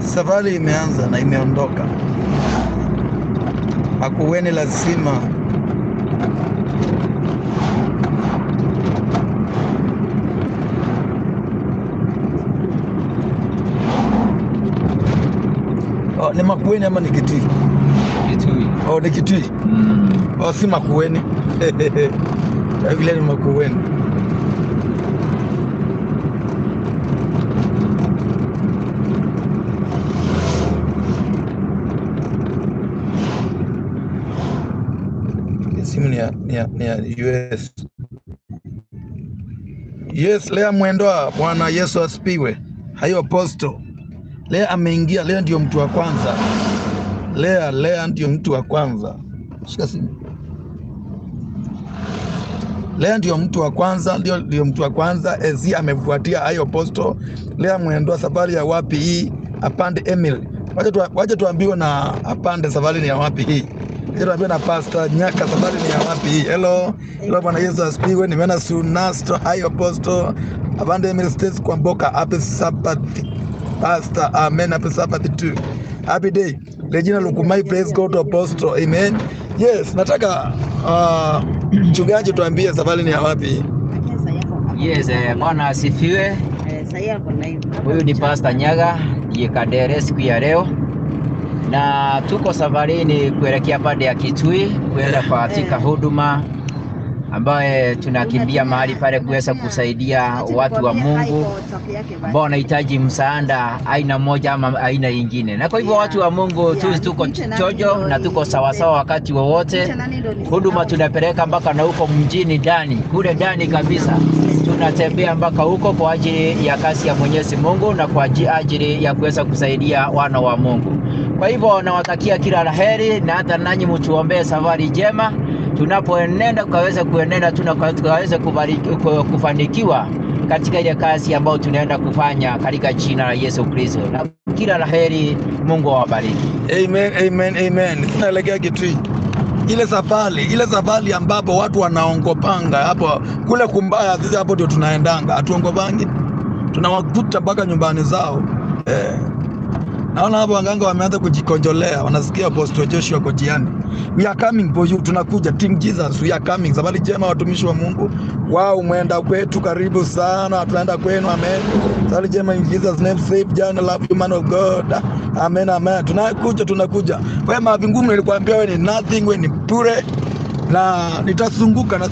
Safari imeanza na imeondoka. Hakuweni lazima Oh, ni Makueni ama ni Kitui? Kitui. Oh, ni Kitui. Mm. Oh, si Makueni. Vile ni Makueni. ni ya US. Yes, lea Mwendoa, Bwana Yesu asipiwe. Hayo aposto lea ameingia, lea ndio mtu wa kwanza. Lea lea ndio mtu wa kwanza, shika simu. Lea ndio mtu wa kwanza, ndio ndio mtu wa kwanza. Ezi amefuatia hayo aposto. Lea Mwendoa, safari ya wapi hii? Apande Emil, wacha tuambiwe na apande, safari ni ya wapi hii? Hello, Niambie na Pastor Nyaka, Sabari ni ya wapi Hello, hello, Bwana Yesu asipiwe. Nimeona Sunastro High Apostle abande Emirates States kwa mboka happy Sabbath Pastor, amen. Happy Sabbath too, happy day. Regina Lukumai, praise God apostle, amen. Yes, nataka uh, mchungaji uh, tuambie safari ni ya wapi? Yes, eh, Bwana asifiwe. Eh, sasa hapo na Huyu ni Pastor Nyaga, yekadere siku ya leo na tuko safarini kuelekea pande ya Kitui kuenda katika eh. huduma ambaye tunakimbia mahali pale kuweza kusaidia watu wa Mungu ambao wanahitaji msaada aina moja ama aina nyingine. Na kwa hivyo watu wa Mungu tu tuko chojo na tuko sawasawa wakati wowote. Huduma tunapeleka mpaka na huko mjini ndani, kule ndani kabisa tunatembea mpaka huko kwa ajili ya kazi ya Mwenyezi Mungu na kwa ajili ya kuweza kusaidia wana wa Mungu. Kwa hivyo nawatakia kila laheri, na hata nanyi mtuombee safari njema, tunapoenenda tukaweze kuenenda, tukaweze kufanikiwa katika ile kazi ambayo tunaenda kufanya katika jina la Yesu Kristo, na kila laheri. Mungu awabariki. Amen, amen, amen. Tunaelekea Kitui ile safari ile safari ambapo watu wanaongopanga hapo kule kumbaya, sisi hapo ndio tunaendanga, hatuongopangi, tunawakuta mpaka nyumbani zao eh. Naona hapo waganga wameanza kujikonjolea, wanasikia Apostle Joshua Kotiani, we are coming for you, tunakuja team Jesus, we are coming. Habari njema watumishi wa Mungu, wao mwenda kwetu, karibu sana, tunaenda kwenu, amen. Habari njema in Jesus name, save John, love you man of God, amen, amen. Tunakuja, tunakuja. Wewe mavingumi, nilikwambia wewe ni nothing, wewe ni pure, na nitazunguka na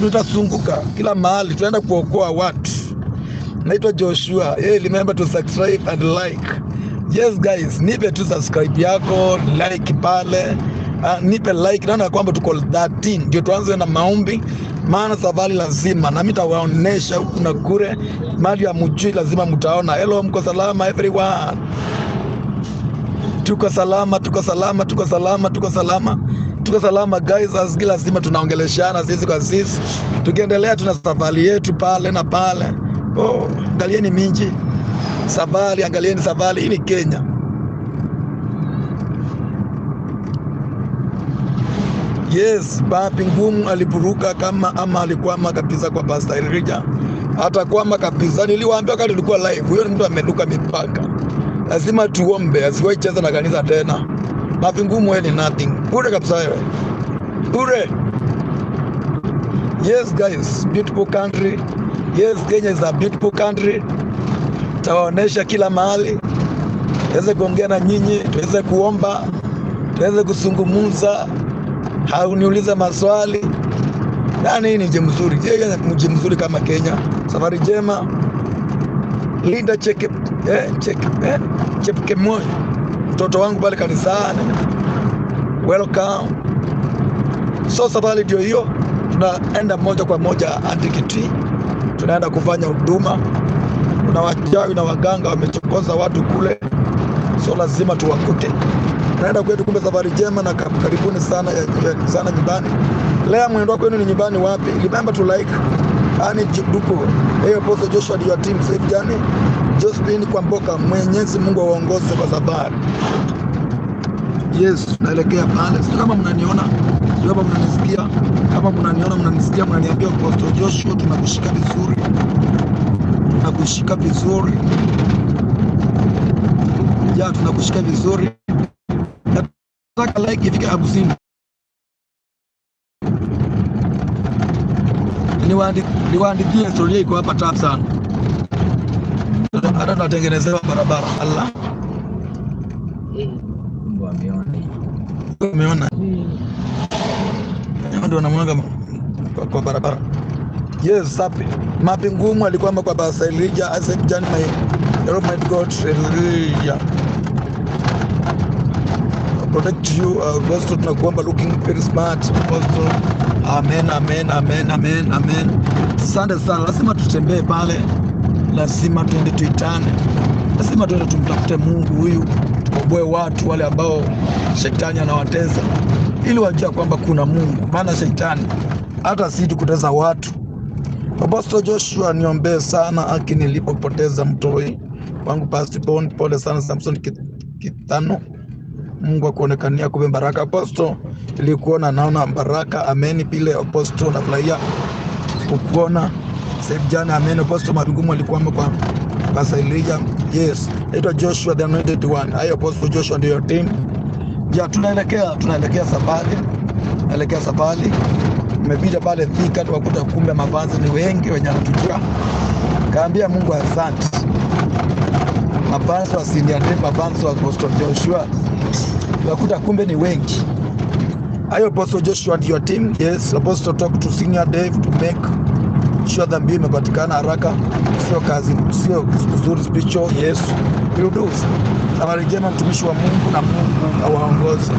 nitazunguka kila mahali, tunaenda kuokoa watu. Naitwa Joshua. Hey, remember to subscribe and like. Yes guys, nipe tu subscribe yako, like pale. Uh, nipe like, naona kwamba tuko 13 ndio tuanze na maombi, maana safari lazima nami tawaonesha huku na kure mali ya mjui lazima mtaona. Hello, mko salama everyone? Tuko salama, tuko salama, tuko salama, tuko salama, tuko salama guys. Asiki lazima tunaongeleshana sisi kwa sisi, tukiendelea tuna safari yetu pale na pale. Oh, galieni minji Savali, angalieni Savali, hii ni Kenya. Yes, Papi Ngumu alipuruka kama ama alikwama kabisa kwa Pastor Elijah. Hata kwama kabisa, niliwaambia wakati tulikuwa live, huyo ni mtu ameruka mipaka. Lazima tuombe asiwahi cheza na kanisa tena. Papi Ngumu wewe ni nothing. Bure kabisa wewe. Bure. Yes guys, beautiful country. Yes, Kenya is a beautiful country. Tawaonesha kila mahali, tuweze kuongea na nyinyi, tuweze kuomba, tuweze kusungumuza, hauniuliza maswali. Yaani hii ni mji mzuri, je, mji mzuri kama Kenya. Safari njema, Linda cheke, eh, cheke, eh, moyo mtoto wangu pale kanisani, welcome. So safari ndio hiyo, tunaenda moja kwa moja hadi tunaenda kufanya huduma kuna wachawi na waganga wamechokoza watu kule, so lazima tuwakute. Naenda kwetu, kumbe safari njema na karibuni sana ya, ya, sana nyumbani. Lea mwendo kwenu ni nyumbani wapi? Remember to like ani duko hiyo posto Joshua your team safe journey. Josephine mboka. Mwenyezi Mungu awaongoze kwa safari. Yes, naelekea pale. Sio kama mnaniona, sio kama mnanisikia, kama mnaniona mnanisikia, mnaniambia posto Joshua tunakushika vizuri na kushika vizuri ja, tunakushika vizuri nataka like ifike hamsini. Niwaandikie historia iko hapa tabu sana, hata tunatengenezewa barabara. Allah, umeona ndio namwaga kwa barabara Yes, sapi. Mapi alikwama kwa basa Elijah Isaac Jan my God Elijah. Protect you uh, Gosto tunakuomba looking very smart Gosto. Amen, amen, amen, amen, amen. sande sana. Lazima tutembee pale. Lazima tuende tuitane. Lazima tuende tumtafute Mungu huyu. tukoboe watu wale ambao shetani anawateza ili wajua kwamba kuna Mungu, maana shetani hata si tukuteza watu Apostle Joshua, niombee sana aki nilipopoteza mtoi wangu Pastor. Bond, Pole sana Samson Kitano, Mungu akuonekania kupe baraka. Apostle, nilikuona naona baraka. Ameni pile Apostle, nafurahia kukuona sasa jana. Ameni Apostle, madugumu alikuwa kwa Pastor Elijah. Yes, naitwa Joshua the anointed one. Hayo Apostle Joshua ndio team. Ya tunaelekea tunaelekea safari. elekea safari. Tumepita pale Thika tukakuta kumbe mavazi ni wengi wenye anatujua. Kaambia Mungu asante. Mapanzo wa Senior Day, wa Apostle Joshua. Tukakuta kumbe ni wengi. hayo. Apostle Joshua and your team. Yes, Apostle talk to Senior Dave to make sure dhambi imepatikana haraka. Sio kazi, sio kuzuri spicho, Yes. Pirudufu. Habari njema, mtumishi wa Mungu, na Mungu awaongoze.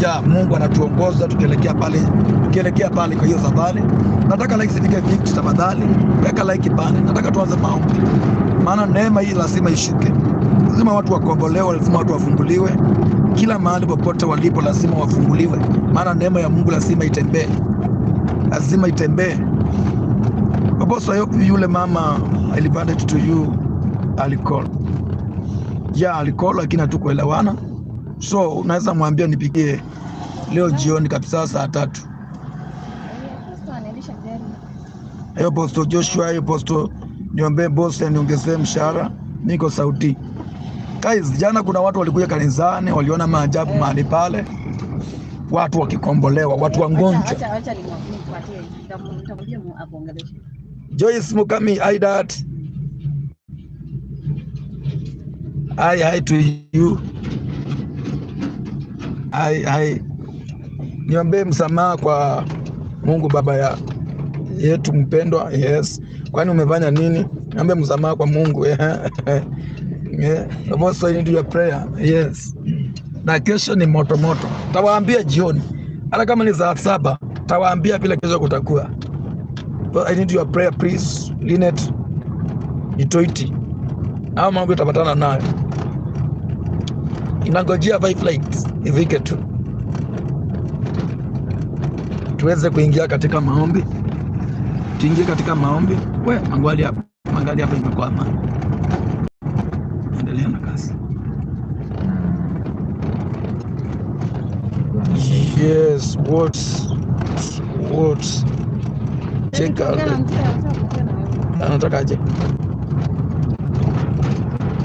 Ya Mungu anatuongoza tukielekea pale, tukielekea pale. Kwa hiyo safari nataka like zifike vitu, tafadhali weka like pale. Nataka tuanze maombi, maana neema hii lazima ishuke, lazima watu wakombolewe, lazima watu wafunguliwe kila mahali popote walipo, lazima wafunguliwe, maana neema ya Mungu lazima itembee, lazima itembee. Apostle yule mama I leave to you, ja alikuwa lakini hatukuelewana, so unaweza mwambia nipigie leo jioni kabisa saa tatu. Hiyo posto Joshua, hiyo posto niombe bosi aniongezee mshahara, niko sauti. Guys, jana kuna watu walikuja kanisani, waliona maajabu eh. mahali pale, watu wakikombolewa, watu wagonjwa. Joyce Mukami Aidat Hi, hi to you. Hi, hi. Niombee msamaha kwa Mungu Baba ya yetu mpendwa. Yes, kwani umefanya nini? Niombe msamaha kwa Mungu. Yeah. Also I need your prayer. Yes. Na kesho ni moto moto. Tawaambia jioni. Hata kama ni saa saba, tawaambia vile kesho kutakuwa. But I need your prayer please. Linet Itoiti. Hao mambo tutapatana nayo inangojea Vitalite ivike tu, tuweze kuingia katika maombi. Tuingie katika maombi. We mangali hapa, mangali hapa imekwama. Endelea na kazi. Yes, what what cheka anataka aje,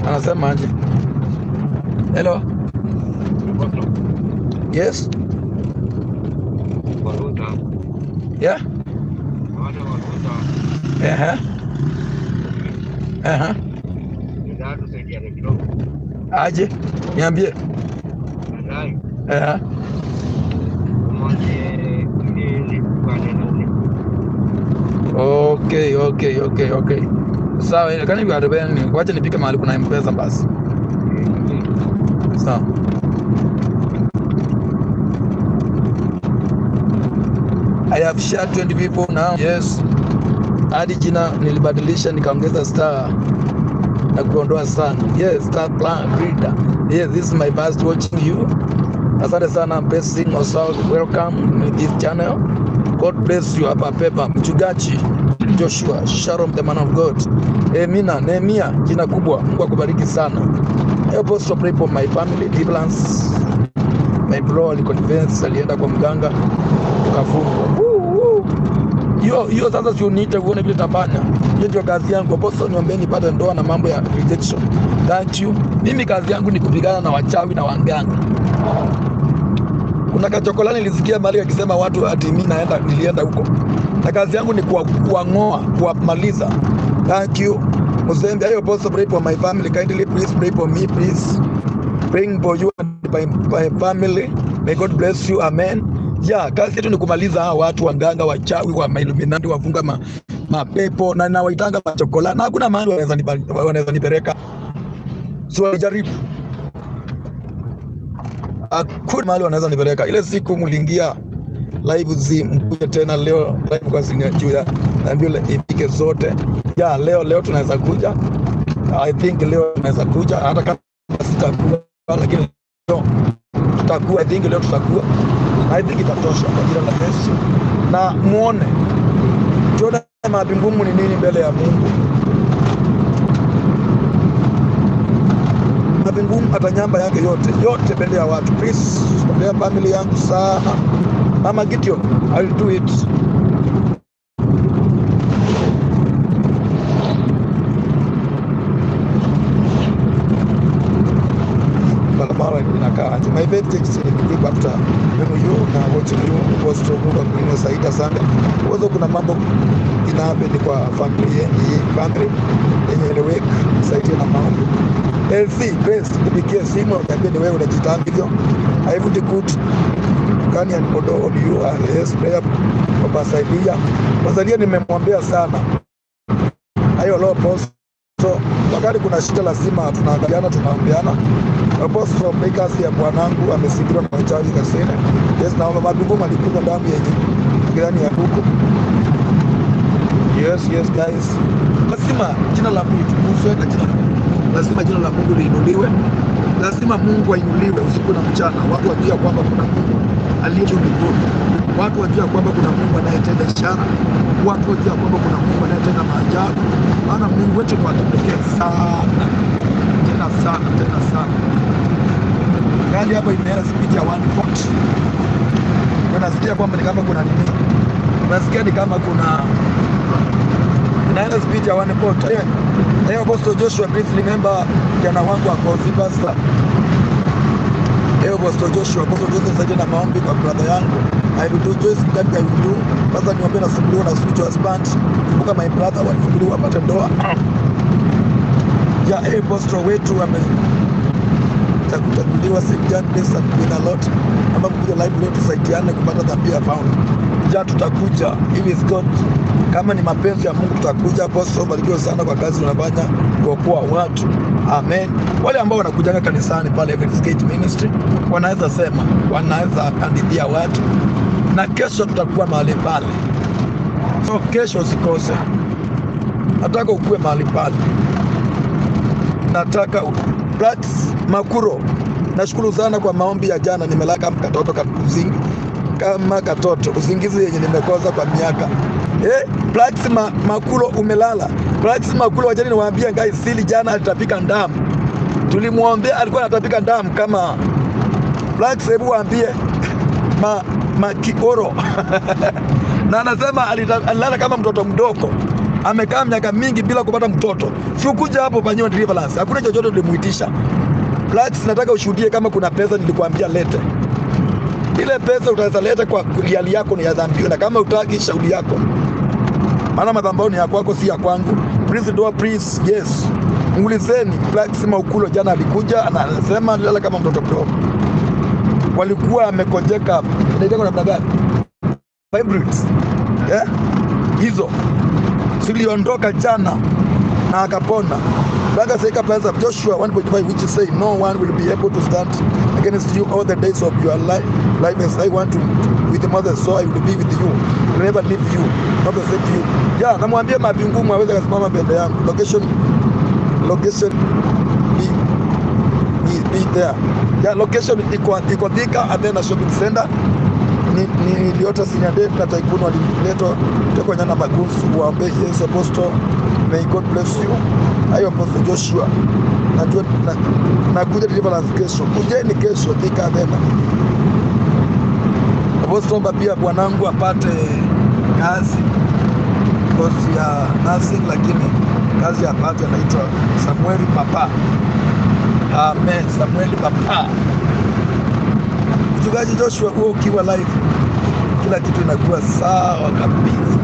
anasema aje Hello. Yes. Waruta. Yeah. Wale Waruta. Uh-huh. Uh-huh. Ehe. Ehe. Aje, niambie. Ndai. Uh-huh. Okay, okay, okay, okay. Sawa, kani vya 40, wacha nipike mahali kuna M-Pesa basi ça. I have shot 20 people now. Yes. Hadi jina nilibadilisha nikaongeza star na kuondoa sana. Yes, star plan reader. Yes, this is my first watching you. Asante sana mpesi also welcome to this channel. God bless you hapa pepa mchungaji Joshua Sharon the man of God. Emina Nehemia jina kubwa. Mungu akubariki sana. Help us to pray for my family deliverance. My bro aliconvince, alienda kwa mganga tukafungwa. Hiyo hiyo sasa, si uniite uone vile tabana. Hiyo ndio kazi yangu. Apostle, niombeni pata ndoa na mambo ya rejection. Thank you. Mimi kazi yangu ni kupigana na wachawi na waganga. Kuna kachokolani nilisikia mali akisema watu ati mi naenda nilienda huko, na kazi yangu ni kuwang'oa, kuwamaliza. Thank you. Muzembe, I also pray for my family. Kindly please pray for me, please. Praying for you and my, my family. May God bless you. Amen. Ya, kazi yetu ni kumaliza hawa watu waganga, wachawi, wa mailuminati, wafunga ma, mapepo na nawaitanga machokola na hakuna mahali wanaweza nipeleka, So siwajaribu hakuna mahali wanaweza nipeleka. Ile siku mlingia live zi mkuje tena leo live kwa zingine juu ya na nambio ipike zote ya leo leo tunaweza kuja i think leo tunaweza kuja hata kama sitakuwa lakini leo tutakuwa i think leo tutakuwa i think itatosha kwa jina la Yesu na muone Jordan mapi ngumu ni nini mbele ya Mungu mapi ngumu hata nyamba yake yote yote mbele ya watu please kwa ya familia yangu sana Mama Gideon, I'll do it. Barabara inakaa my after uh, when you na you was to Saida kuna mambo kwa family family yenye na LC Grace, nipigie simu, niambie ni wewe unajitambia hivyo. I would good Marekani alipodooliuaesep wapasaidia Wasaidia, nimemwambia sana hayo Loposo. Wakati kuna shida lazima tunaangaliana, tunaambiana. Loposo mikasi ya bwanangu amesindikwa na wachawi kasini. Yes, na madungu malikuza damu yenye ndani ya huko. Yes, yes guys, lazima jina la Mungu litukuzwe na jina lazima jina la Mungu liinuliwe, lazima Mungu ainuliwe usiku na mchana, watu wajua kwamba kuna Mungu alicho mikono, Watu wajua kwamba kuna Mungu anayetenda ishara, watu wajua kwamba kuna Mungu anayetenda maajabu. Maana Mungu wetu ni wa kipekee sana, tena sana, tena sana. Gari yaani hapa imeenda spidi ya 140 unasikia kwamba ni kama kuna nini, unasikia ni kama kuna inaenda spidi ya 140 Leo eh, eh, Apostle Joshua, please member jana wangu akozi pastor Ewe Pastor Joshua, Pastor Joshua saidi na maombi kwa brada yangu. I will do just that I will do. Sasa niombe na suluhu na spiritual husband. Kumbuka my brother wa suluhu apate ndoa. Ya ewe Pastor wetu ame takuchaguliwa St. John Davis na Queen Alot. Ambapo live leo tusaidiane kupata dhambi ya found. Tukija tutakuja, if it's God, kama ni mapenzi ya Mungu tutakuja hapo. So barikiwe sana kwa kazi unafanya kwa kuwa watu amen. Wale ambao wanakujaga kanisani pale Evans Gate Ministry wanaweza sema, wanaweza kandidia watu, na kesho tutakuwa mahali pale, so kesho usikose. Nataka ukuwe mahali pale, nataka Brax Makuro. Nashukuru sana kwa maombi ya jana, nimelaka mkatoto kamkuzingi kama katoto, usingizi yenye nimekosa kwa miaka eh. Plax ma, Makulo umelala? Plax Makulo, wajani niwaambie ngai sili jana alitapika ndamu, tulimwombea alikuwa anatapika ndamu kama Plax. Hebu waambie ma makioro na anasema alilala kama mtoto mdogo, amekaa miaka mingi bila kupata mtoto. Sikuja hapo panyiwa deliverance, hakuna chochote tulimuitisha. Plax, nataka ushuhudie kama kuna pesa nilikuambia lete. Ile pesa utazaleta kwa kuliali yako ni ya dhambi, na kama utaki shauri yako, maana madhambao ni ya kwako, si ya kwangu. Please do please, yes. ngulizeni Plaxima Maukulo jana alikuja anasema lala kama mtoto mdogo, walikuwa amekojeka, ndio namna gani? Fibroids eh, hizo ziliondoka jana na akapona. Braga Seika Plaza of Joshua 1.5, which is say no one will be able to stand against you all the days of your life, life as I want to with the mother, so I will be with you, will never leave you, never to you. Yeah, namwambia mabingumu aweze kasimama mbele yangu. Location location be, be, be there. Yeah, location iko iko Thika Athena Shopping Center niliota ni, ni sinyade na Taikun waliletwa tekonyana magunsu waombe Yesu Apostle. May God bless you hayo Apostle Joshua nakuja na, na deliverance kesho, kujeni kesho tika tena. Naomba pia bwanangu apate kazi kozi ya nursing, lakini kazi apate pate anaitwa Samueli Papa. Amen, Samueli Papa. Mchungaji Joshua, huo ukiwa live kila kitu inakuwa sawa kabisa,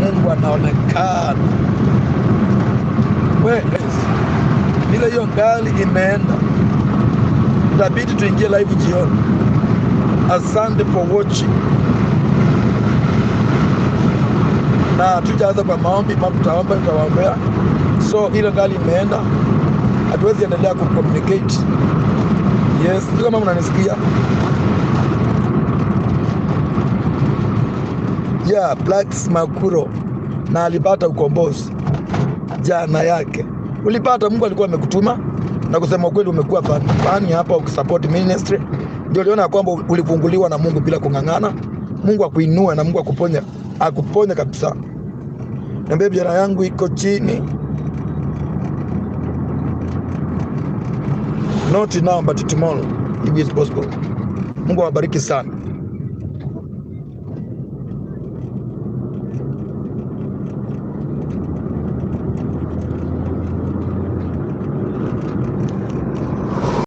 Mungu anaonekana ile hiyo ngali imeenda. Tabidi tuingie live jioni. Asante for watching, na tujaanza kwa maombi, mambo tutaomba, tutawaombea. So ile ngali imeenda, hatuwezi endelea kucommunicate. Yes, kama mnanisikia ya yeah, Blacks Makuro na alipata ukombozi jana yake ulipata. Mungu alikuwa amekutuma na kusema kweli, umekuwa fani hapa ukisupport ministry, ndio uliona kwamba ulifunguliwa na Mungu bila kung'ang'ana. Mungu akuinua na Mungu akuponya, akuponya kabisa. Niambia biashara yangu iko chini, not now but tomorrow if it's possible. Mungu awabariki sana.